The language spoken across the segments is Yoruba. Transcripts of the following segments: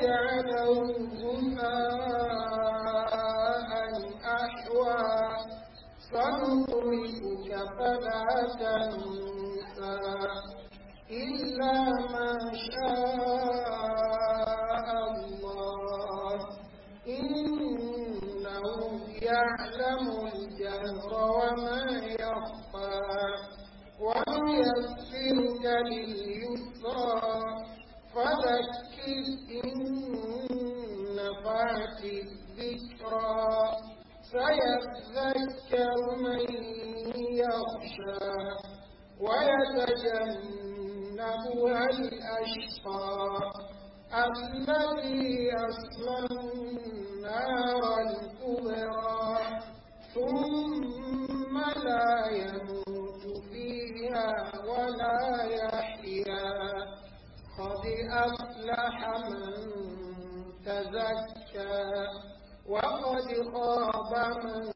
وجعلهم غماء أحوى سنقرئك فلا تنسى إلا ما شاء الله إنه يعلم الجهر وما يخفى ونيسرك لليسرى فذكر إن وآت الذكرى سيذكر من يخشى ويتجنبها الأشقى الذي يصلى النار الكبرى ثم لا يموت فيها ولا يحيا قد أفلح من تزكى وقد خاب من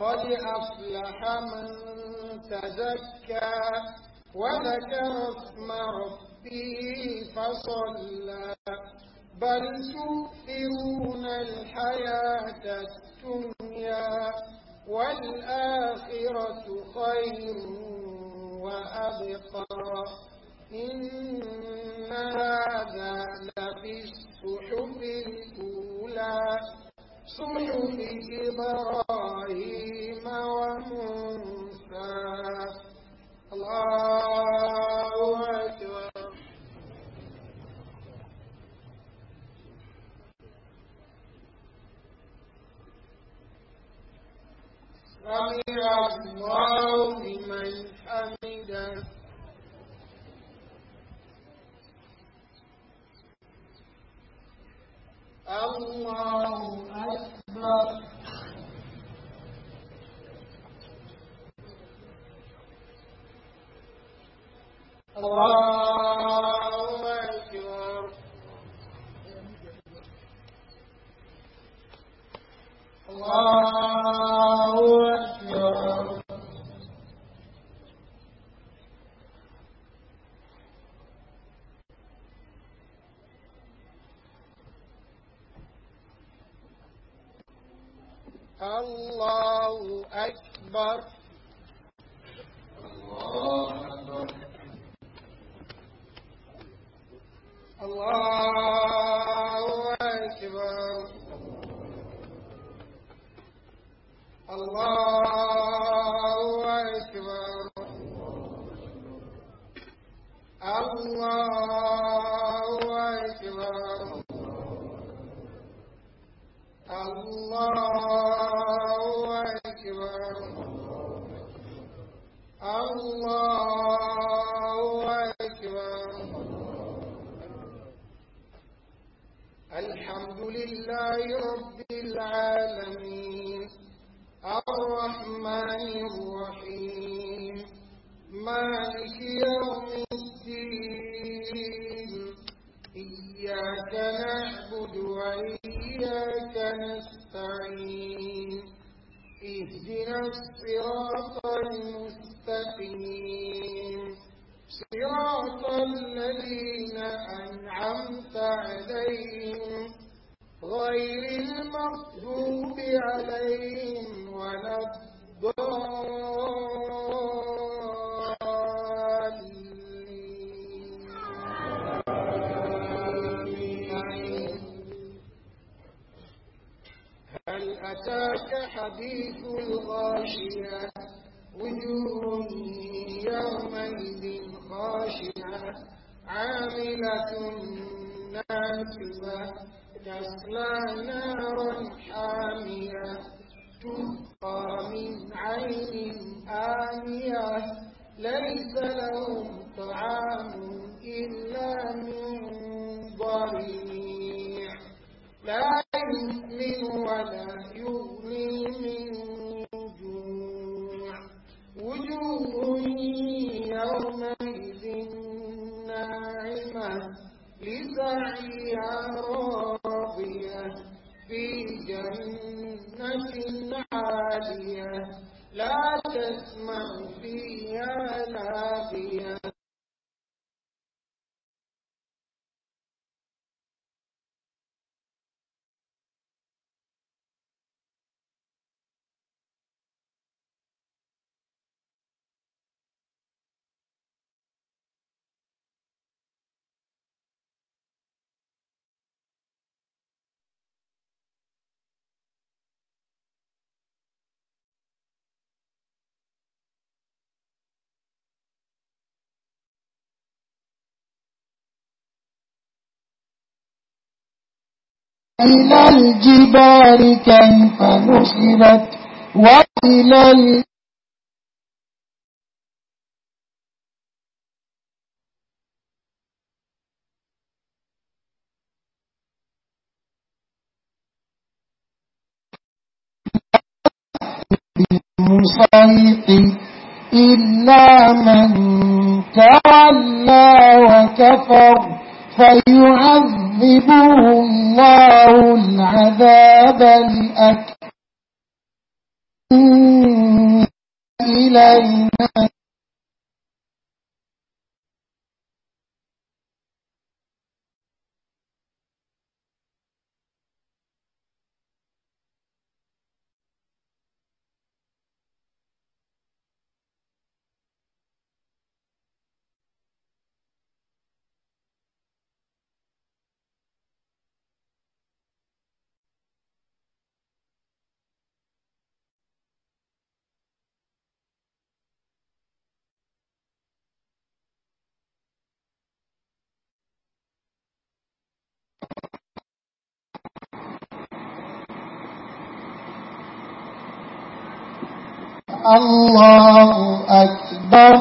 قد أفلح من تزكى وذكر اسم ربه فصلى بل تؤثرون الحياة الدنيا والآخرة خير وأبقى إن هذا لفي الصحف الأولى صحف إبراهيم الله أكبر الله الله أكبر الله أكبر الله أكبر الحمد لله رب العالمين الرحمن الرحيم مالك يوم الدين الدين إياك نعبد وإياك نستعين اهدنا الصراط المستقيم صراط الذين أنعمت عليهم غير المغضوب عليهم ولا أتاك حديث الغاشية وجوه يومئذ خاشعة عاملة ناسبة تصلى نارا حامية تسقى من عين آنية ليس لهم طعام إلا من وإلى الجبال كيف نصبت وإلى ال... إلا من تولى وكفر فيعذبه الله العذاب الأكبر إلينا الله أكبر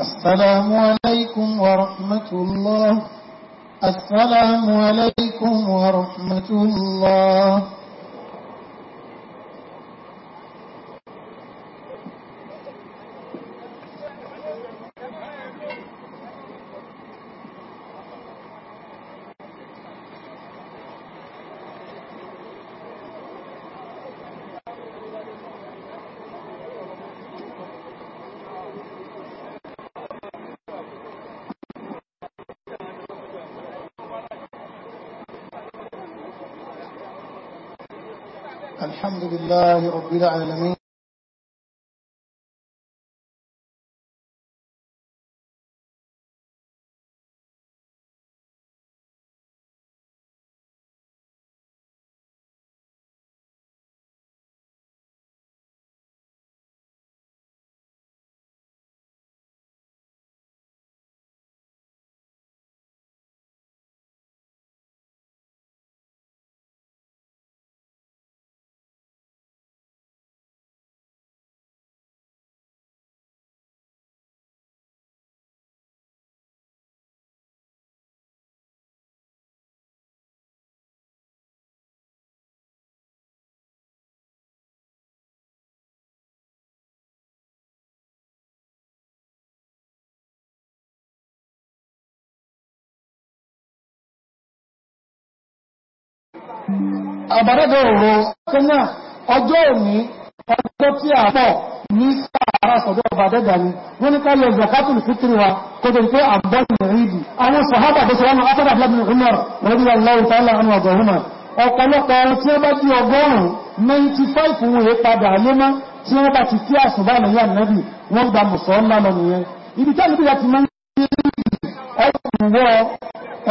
السلام عليكم ورحمة الله السلام عليكم ورحمة الله رب العالمين àbádọ́dọ̀ òro kẹ́nà ọjọ́ òní ọjọ́ tí a pọ̀ ní sàárà sọ̀dọ̀ àbádọ́dà ni wọ́n ní káyọ̀ zakatul fitri wa kò tó pé àbọ́lù ríbi àwọn sọ̀hábà tó sọ́wọ́n afẹ́dà blabin umar radiyallahu ta'ala anhu àgbọ̀húnmà ọ̀pọ̀lọpọ̀ ohun tí ó bá di ọgọ́rùn-ún 95 wọn èé padà lémá tí wọ́n bá ti kí àṣùbá lẹ́yìn ànábì wọ́n gba mùsọ̀ọ́lá lọ nìyẹn ibi tí àlùbíyà ti máa ń gbé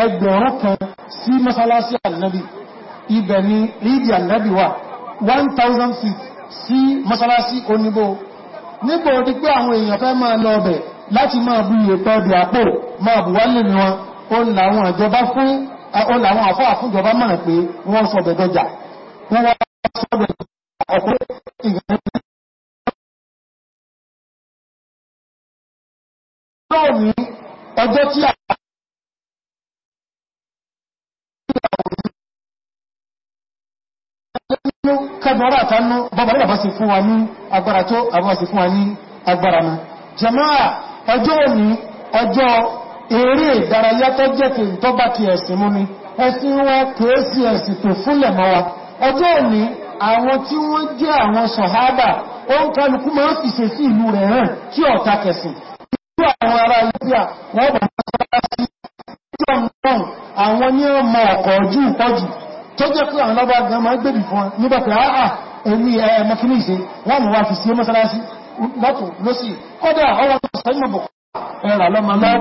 ẹgbẹ̀rún kan sí mọ́sálásí ànábì ibẹ̀ ni rídì ànábì wà 1000 feet sí mọ́sálásí oníbò nígbò ó pé àwọn èèyàn fẹ́ máa lọ ọbẹ̀ láti máa bú iye pẹ́ẹ̀dì àpò máa bù wálé ní wọn làwọn àfáà fún pé wọ́n sọ bẹ̀ dọjà ọjọ́ kẹgbọ́n rà tánú bọ́bọ̀lẹ́ bàbá sí fún wa ní agbára tó àbúwà sí fún wa ní agbára náà jẹmáà ọjọ́ òní ọjọ́ ni ẹ̀sìn wọn kìí sí ẹ̀sìn tó fúnlẹ̀ mọ́ wa ọjọ́ òní àwọn tí wọ́n jẹ́ àwọn sọ̀hábà ó ń kálukú máa ń fìṣe sí ìlú rẹ̀ hàn kí ọ̀tá kẹsìn tí àwọn ará Libya wọ́n bọ̀ mọ́ sí àwọn ní ọmọ ọkọ̀ ojú ìpọ̀jù tó jẹ́ pé àwọn lọ́bàá gan máa gbébì fún wọn nígbà pé àà ẹ̀rí ẹ̀mọ́ kí ní ìṣe wọ́n mú wá fi sí mọ́sálásí lọ́tún lọ́sí kọ́dà ọwọ́ sẹ́yìnbọ̀ ẹ̀rà lọ́mọ lọ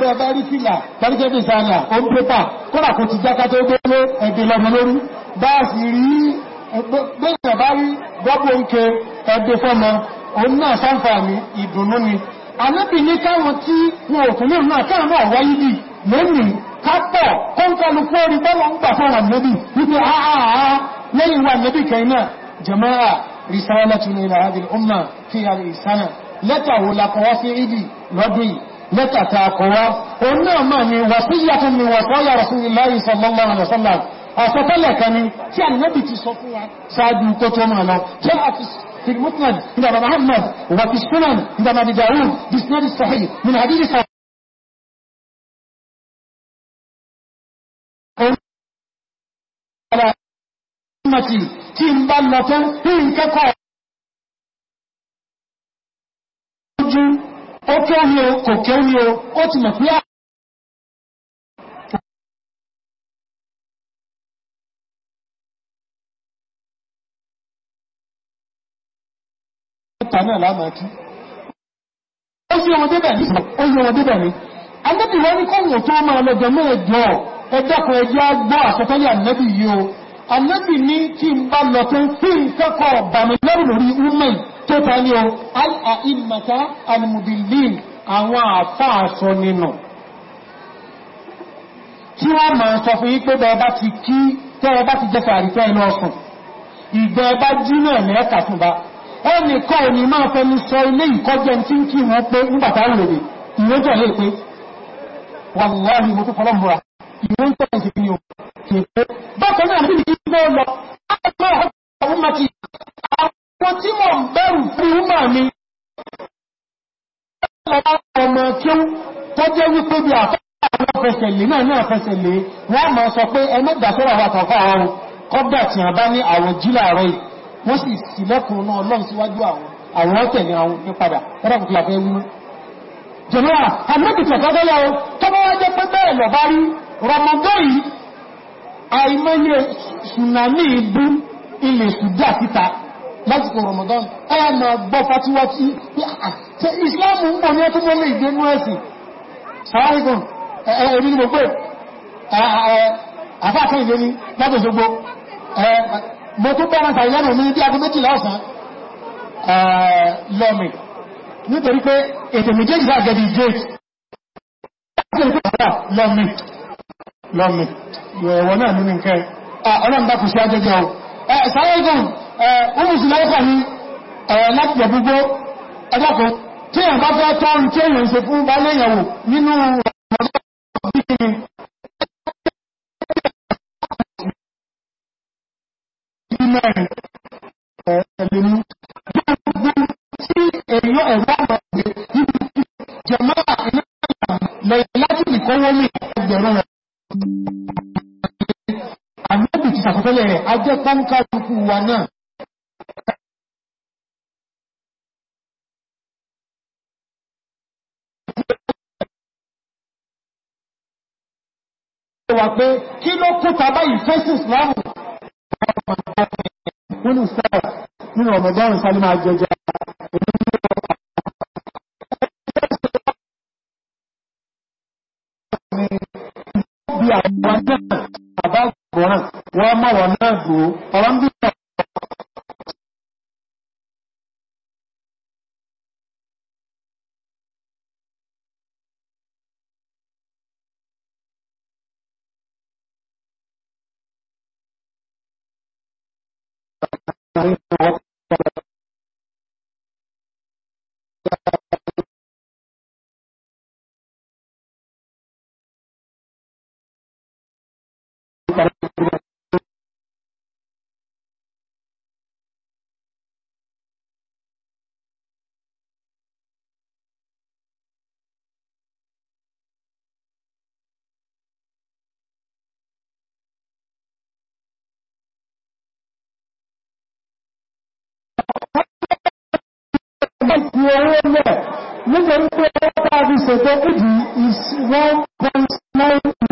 bẹ́ẹ̀ bá rí fìlà tàríkẹ́bì sáàlà òun pépà kọ́dà kò ti jáká tó gbélé ẹ̀dẹ̀ lọ́mọ lórí bá sì rí gbẹ́gbẹ̀ bá rí gbọ́gbọ́ kápọ̀ kọ́nkọlùkú orí tọ́lọ ń gbà fún ànẹ́bí wípé àà lẹ́yìn wa ànẹ́bí kẹ́ẹ̀nà jama'a risalatun ila hadhihi al-umma fi hadhihi sana lẹ́tà wo la kọwọ́ sí ìdí lọ́dún yìí lẹ́tà ta kọwọ́ في المسند عند محمد وفي السنن عند ابي داود باسناد الصحيح من حديث ara ìmọ̀tí tí ń bá lọ tán ní ìkẹ́kọ̀ọ́ ojú ó kí ó ní o kò kí ó ní o ó ti mọ̀ pí à tànà lámàájú ó sí ọmọdébẹ̀ ní ọmọdébẹ̀ ní agbẹ́bìnrin ní ẹjọ́kùn ẹjẹ́ agbó àsọtẹ́lẹ̀ ànẹ́bì yíò ànẹ́bì ní kí n bá lọ tó fí n kẹ́kọ̀ ọ̀bàmì lẹ́rù lórí women tó ta ní o al-a'immata al-mudillin àwọn àfá àṣọ nínú tí wọ́n máa sọ fún yín pé bẹ́ẹ̀ bá ti kí tẹ́ẹ̀ bá ti jẹ́fẹ̀ àrífẹ́ inú ọkùn ìgbẹ́ bá jí náà mẹ́ẹ̀kà fún ba ẹnì kọ́ ò ní máa fẹ́ni sọ ilé ìkọ́jẹ́ tí ń kí wọ́n pé ń bàtà lòdì ìwé jẹ̀ lè pé wàlúwàlú mo tó fọlọ́mùra ìwọ́n tọ́ ìsìnkú yóò kèèkó bákan náà níbi kí ó lọ àwọn mati àwọn tí mọ̀ bẹ̀rù fún ọmọ mi ọmọ kí ó tó jẹ́ wípé bí àfẹ́sẹ̀lẹ̀ fẹ́sẹ̀lẹ̀ náà náà fẹ́sẹ̀lẹ̀ wọ́n mọ̀ sọ pé ẹmẹ́dàsọ́rọ̀ àwọn àtọ̀kọ́ àwọn kọ́dà tí a bá ní àwọn jílàrọ̀ yìí wọ́n sì sílẹ̀kùn náà ọlọ́run síwájú àwọn àwọn ọ̀tẹ̀lẹ̀ àwọn ní padà ẹ̀rọ̀kùnlá fẹ́ wú jẹ̀mọ́ àmọ́kìtọ̀ tọ́gọ́lọ́ tọ́gọ́wájẹ́ pẹ́ bẹ́ẹ̀ lọ bá rí Ramadan yìí àìmọ́yẹ tsunami ibú ilẹ̀ ìsùjá síta lásìkò rọmọdọ́n ẹ ma gbọ́ fatiwa tí ṣe islamu ń bọ̀ ní ẹkún mọ́lẹ̀ ìgbénú ẹ̀sìn sàárìkùn ẹ̀rí ni gbogbo àfáàkẹ́ ìlé ní látòṣogbo mo tó bẹ́ra sàìlẹ́nà ní bí agbó méjìlá ọ̀sán lọ́mì nítorí pé ètò méjèèjì bá gẹ̀dì gate lọ́mì lọ́mẹ̀ ẹ̀wọ̀n náà ní nǹkan ọlọ́run bá kù sí ajẹ́jẹ́ o ṣàrẹ́gùn ọmọsí láìpà ní láti na wà pé kí ló kú tàbá ìfẹ́sì islamu nínú sáà nínú ọmọdọ́rin sálímà jẹjẹ bí àwọn náà àbá gbọ́nà wọ́n mọ̀ wọ́n náà gbò ọ̀rọ̀ ń fi owó lẹ̀ nítorí pé ó bá fi ṣètò ìdí is 1.9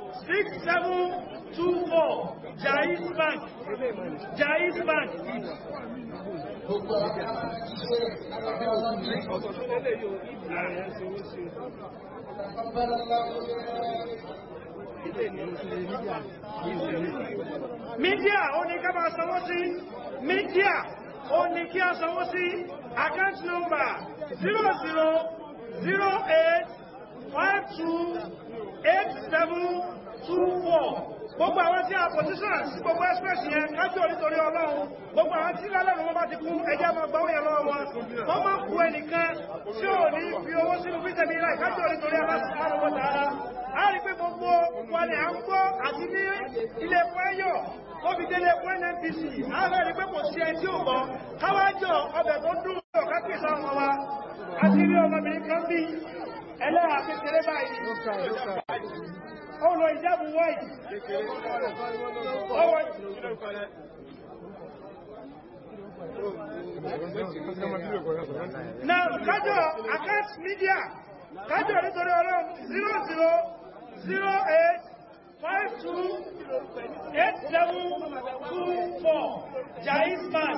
six seven two four Jaiz Bank Jaiz Bank. Gbogbo àwọn ṣe àbí òun ní mídíà ó ní ká máa sanwó sí mídíà ó ní kí a sanwó sí account number zero zero zero eight five two eight seven two four gbogbo àwọn tí a pòsíṣàn sí gbogbo express yẹn kájú orítorí ọlọ́run gbogbo àwọn tí lálẹ́rùn wọn bá ti kún ẹjẹ́ máa gbọ́wọ́ yẹn lọ́wọ́ wọn wọ́n máa kú ẹnìkan tí ò ní fi owó sínú fítẹ̀mí láì kájú orítorí aláwọ̀ tààrà a rí pé gbogbo wọn ni à ń gbọ́ àti ní ilé ẹ̀kọ́ ẹ̀yọ̀ ó fi délé ẹ̀kọ́ NNPC a rẹ̀ rí pé kò sí ẹni tí ò gbọ́ káwájọ ọbẹ̀ tó dùn ọ̀ká kì í sọ ọmọ wa a ti rí ọmọbìnrin kan bí ẹlẹ́yà kékeré báyìí ọ̀nà ìjábù white ọwọ́ na kájọ account media kájọ nítorí ọlọ́run 00 08 52 87 24 Jai's man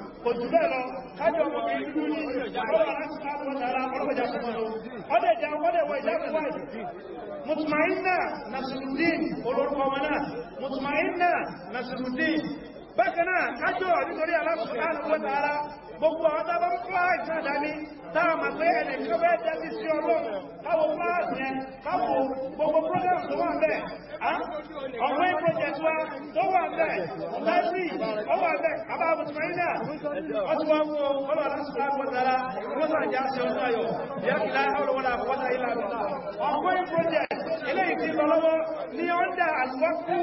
kò jù bẹ́ẹ̀ lọ kájọ ọmọ ìlú ní ọlọ́wọ́ láti sáàbọ̀ tààrà ọlọ́pẹ̀já fún ọlọ́ ọdẹ̀ jẹ́ ọwọ́dẹ̀wọ̀ ìjákùnwà mutmainna nasirudin olórúkọ ọmọ náà mutmainna nasirudin bákan náà kájọ nítorí aláàbùkù gbogbo àwọn tó bá ń kọ́ àìsàn dání táàmà pé ẹnìkan sí ọlọ́run káwọ káwọ gbogbo wà bẹ́ẹ̀ project wa tó wà bẹ́ẹ̀ láìsí ọwọ́ bẹ́ẹ̀ abá mùsùlùmí ọtúwà fún ọlọ́ aláṣùlá gbọ́tara gbọ́tà ìjà sí ọjọ́ ayọ̀ ìyá kìlá ọlọ́wọ́lá gbọ́tà ilá ọ̀wọ́ project eléyìí ti lọ lọ́wọ́ ní àlùwọ́kú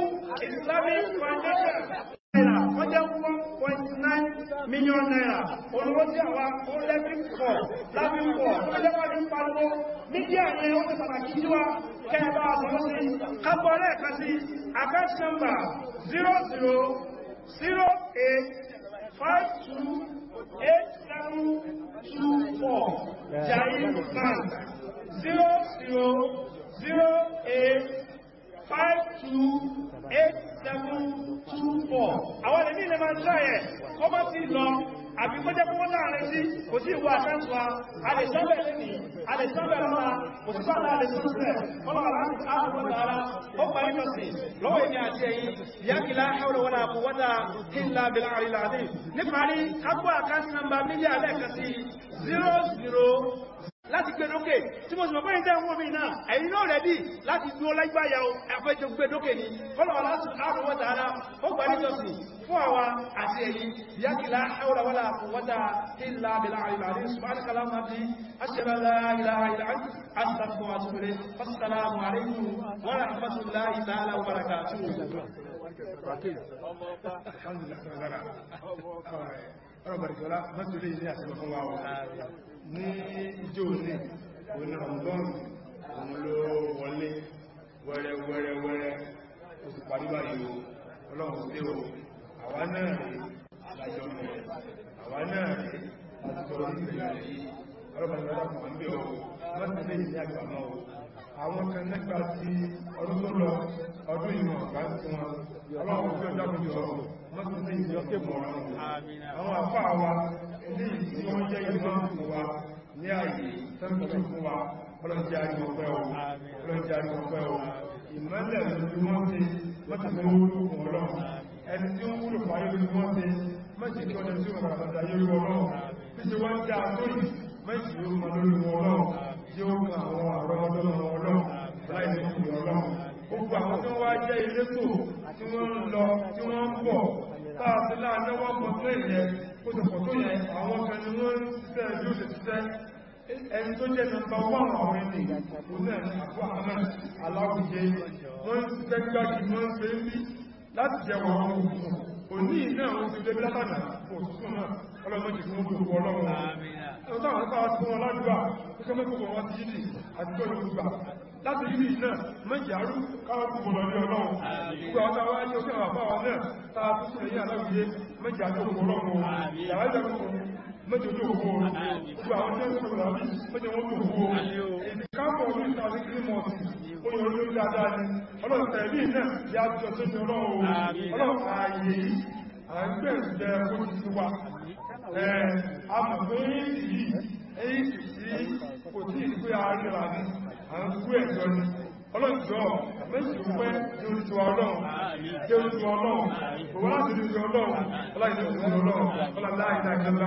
Foundation mílíọ̀n náírà olówó tí àwa ó lẹ́bí pọ̀ lábí pọ̀ ó lẹ́bà ní pariwo níbi àyẹ ó ti pàtàkì tí wá kẹba àtọ́lọ́ sí kápọ̀ lẹ́ẹ̀kan sí account number 00 08 52 8724 Jain Bank 00 08 528724 àwọn ẹ̀mí ilẹ̀ máa ń ṣáyẹ̀ kọ́ bá ti lọ àbí kó jẹ́ pọ́ láàrin sí kò sí ìwà àkáǹtùwa alẹ́sọ́bẹ̀ ní alẹ́sọ́bẹ̀ lọ́la kò sí pàtà alẹ́sọ́bẹ̀ ọlọ́pàá àpòtàrà ó parí lọ́sì lọ́wọ́ èmi àti ẹ̀yìn ìyákìlá ẹwọ́lọ́wọ́lá àpòwọ́dá ìlà bẹ̀rẹ̀ àrílà àdé níparí kápọ̀ àkáǹtì nàmbà mílíà lẹ́ẹ̀kẹ́ sí 00 láti gbé dókè tí mo sì mọ̀ pẹ́yìn tẹ́wọ́n mi náà ẹ̀yìn náà rẹ̀ dì láti dúó lágbàyà ẹ̀fẹ́jọ gbé dókè ní kọ́lọ̀wà láti àrùwọ́ tààrà ó gbà níjọsìn fún àwa àti ẹ̀yìn yákìlá ẹwọ́lọ́wọ́lá àkọwọ́ta ìlà àbìlà àìbàrí Ọ̀rọ̀ bàrìkọ́lá, mọ́sílẹ̀ ilé àti ọkọ̀ wa wọ̀ ní ìjọ ní òní ọ̀gbọ́n òun ló wọlé wẹ́rẹ́wẹ́rẹ́wẹ́rẹ́ ó ti parí báyìí o ọlọ́run sí o àwa náà rí àjọ rẹ̀ àwa náà rí àtìkọ̀ orílẹ̀ yìí ọlọ́pàá ìgbàlápàá ń bẹ̀ o láti lè ní àgbà náà o àwọn kan nípa ti ọdún tó lọ ọdún ìmọ̀ ọ̀gá fún wọn ọlọ́run tí ó dábòjò ọ̀rọ̀ mọ́sí ní ìjọ́kẹ́ mọ̀ ọ̀rọ̀ àwọn àfáà wa ilé ìtí wọ́n jẹ́ ìmọ́mù wa ní ààyè tẹ́mùtù fún wa ọlọ́dí àjọpẹ́ ọ̀ ọlọ́dí àjọpẹ́ ọ̀ ìmọ́lẹ̀ lórí wọ́n ti mọ́tàfẹ́ orúkùn ọlọ́run ẹni tí ó wúlò fàyè lórí wọ́n ti mọ́tì kí ọdẹ tí ó rà bàtà yóò ọlọ́run bí ti wọ́n dá lórí mọ́tì yóò mọ́ lórí ọlọ́run tí ó mọ àwọn àrọ́ ọlọ́run ọlọ́run láì ní ìpè ọlọ́run gbogbo àwọn tí wọ́n wá jẹ́ ilé tó tí wọ́n ń lọ tí wọ́n ń ó ti pọ̀ tó yẹ àwọn kan ni wọ́n ṣiṣẹ́ bí ó ṣe ṣiṣẹ́ ẹni tó jẹ́ nọmba wọ́n àwọn ẹni ìpínlẹ̀ àbú àmà aláwùjẹ wọ́n ti tẹ́gbà kí wọ́n ṣe ń bí láti jẹ wọn ohun òní náà ó ti débi látànà òṣùṣùn náà ọlọ́mọdé fún gbogbo ọlọ́run láti rí mi náà mẹ́jàrú káwọn gbogbo lọ ní ọlọ́run gbogbo àwọn àwọn ayé òkè àwọn àwọn náà tàà tó sílẹ̀ yà láwùyé mẹ́jàrú gbogbo ọlọ́run yàrá ìjọba mẹ́jọ tó gbogbo gbogbo àwọn tẹ́ ìṣòro àbí mẹ́jọ wọn tó gbogbo ìkápọ̀ orí ìtàrí kírímọ̀tì olóòrò ní dáadáa ni ọlọ́run tẹ̀lé náà yà jọ tó ní ọlọ́run ọlọ́run ààyè yìí àgbẹ̀ ìjẹ́ ó ti wà àmọ̀ pé èyí èyí kò tí ìgbé àárín rà àrùkú ẹ̀jọ́ ni ọlọ́jọ́ mẹ́sùlùmẹ́ jẹ́rùsù ọlọ́run jẹ́rùsù ọlọ́run bọ̀wọ́ láti jẹ́rùsù ọlọ́run ọlọ́jọ́ ọlọ́run ọlọ́láìdájẹ́lá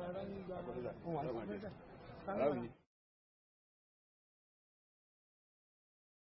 láàrín ọlọ́run Thank you.